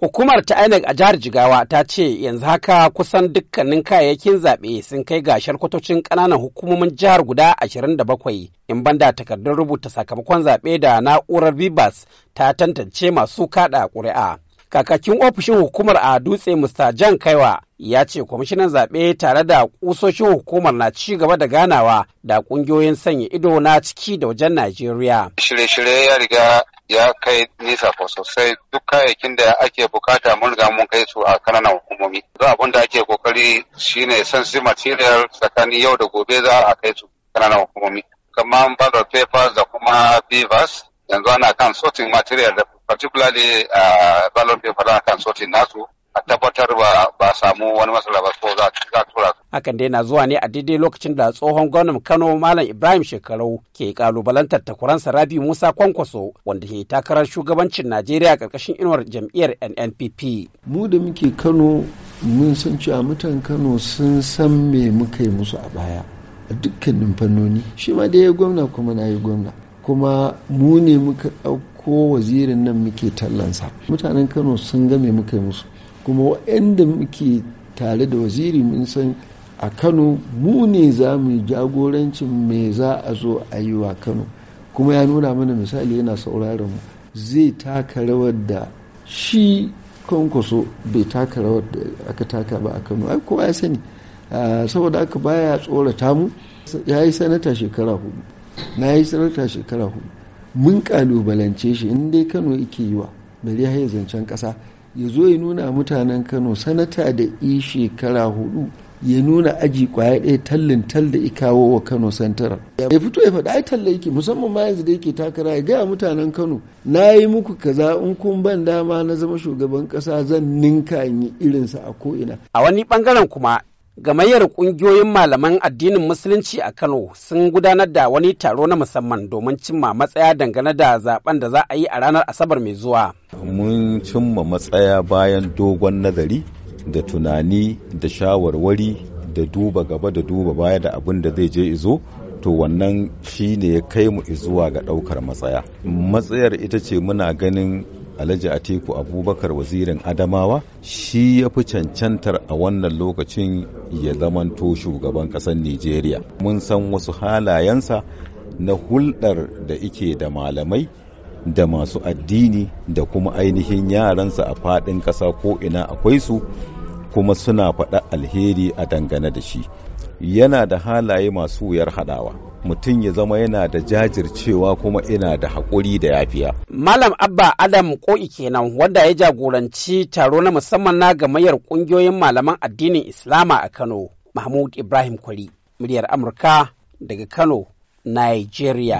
Hukumar ta INEC a jihar Jigawa ta ce yanzu haka kusan dukkanin kayayyakin zaɓe sun kai gashar kwatocin ƙananan hukumomin jihar guda 27 in banda takardun rubuta sakamakon zaɓe da na'urar vibas ta tantance masu kaɗa ƙuri'a. Kakakin ofishin hukumar a dutse Mr. Jan Kaiwa ya ce kwamishinan zaɓe tare da ƙusoshin hukumar na ci gaba da ganawa da ƙungiyoyin sanya ido na ciki da wajen Najeriya. Shirye-shirye ya riga ya kai nisa sosai duk kayayyakin da ake bukata mun riga mun kai su a kananan hukumomi za abin da ake kokari shine sensitive material tsakanin yau da gobe za a kai su kananan hukumomi kamar ballot papers da kuma beavers yanzu ana kan sorting material da particularly a ah, ballot paper ana kan sorting nasu a tabbatar ba samu wani matsala ba ko za a hakan dai na zuwa ne a daidai lokacin da tsohon gwamnan kano malam ibrahim shekarau ke kalubalantar takuransa rabi musa kwankwaso wanda ke takarar shugabancin najeriya karkashin inuwar jam'iyyar nnpp mu da muke kano mun san cewa mutan kano sun san me muka yi musu a baya a dukkanin fannoni shi ma da ya gwamna kuma na yi gwamna kuma mu ne muka ɗauko wazirin nan muke tallansa mutanen kano sun ga me muka yi musu kuma waɗanda muke tare da waziri mun san a kano mu ne za mu yi jagorancin me za a zo a yi wa kano kuma ya nuna mana misali yana sauraron mu zai taka rawar da shi kwankwaso bai taka rawar da aka taka ba a kano ai kowa ya sani ah, saboda aka baya tsorata mu ya yi sanata shekara hudu na yi sanata shekara hudu mun kalubalance shi in dai kano yake yi wa bari ya zancen kasa ya zo ya nuna mutanen kano sanata da i shekara hudu ya nuna aji kwaya ɗaya tallin tal da ikawo wa Kano Central. Ya fito ya faɗa ai talla yake musamman ma yanzu da yake takara ya gaya mutanen Kano na yi muku kaza in kun ban dama na zama shugaban ƙasa zan ninka in yi irinsa a ko'ina. A wani ɓangaren kuma gamayyar ƙungiyoyin malaman addinin musulunci a Kano sun gudanar da wani taro na musamman domin cimma matsaya dangane da zaben da za a yi a ranar Asabar mai zuwa. Mun cimma matsaya bayan dogon nazari da tunani da shawarwari da duba gaba da duba baya da abin da zai je izo to wannan shi ne ya kai mu izuwa ga ɗaukar matsaya matsayar ita ce muna ganin alhaji atiku abubakar wazirin adamawa shi ya fi cancantar a wannan lokacin ya zamanto shugaban ƙasar nigeria mun san wasu halayensa na hulɗar da ike da malamai da masu addini da kuma ainihin yaransa a faɗin ƙasa ko ina akwai su kuma suna faɗa alheri a dangane da shi yana da halaye masu wuyar haɗawa mutum ya zama yana da jajircewa kuma ina da haƙuri da yafiya. Malam Abba Adam Ko'i kenan wanda ya jagoranci taro na musamman na gamayyar ƙungiyoyin malaman addinin Islama a Kano, Mahmud Ibrahim Kwari, muryar Amurka daga Kano, Nigeria.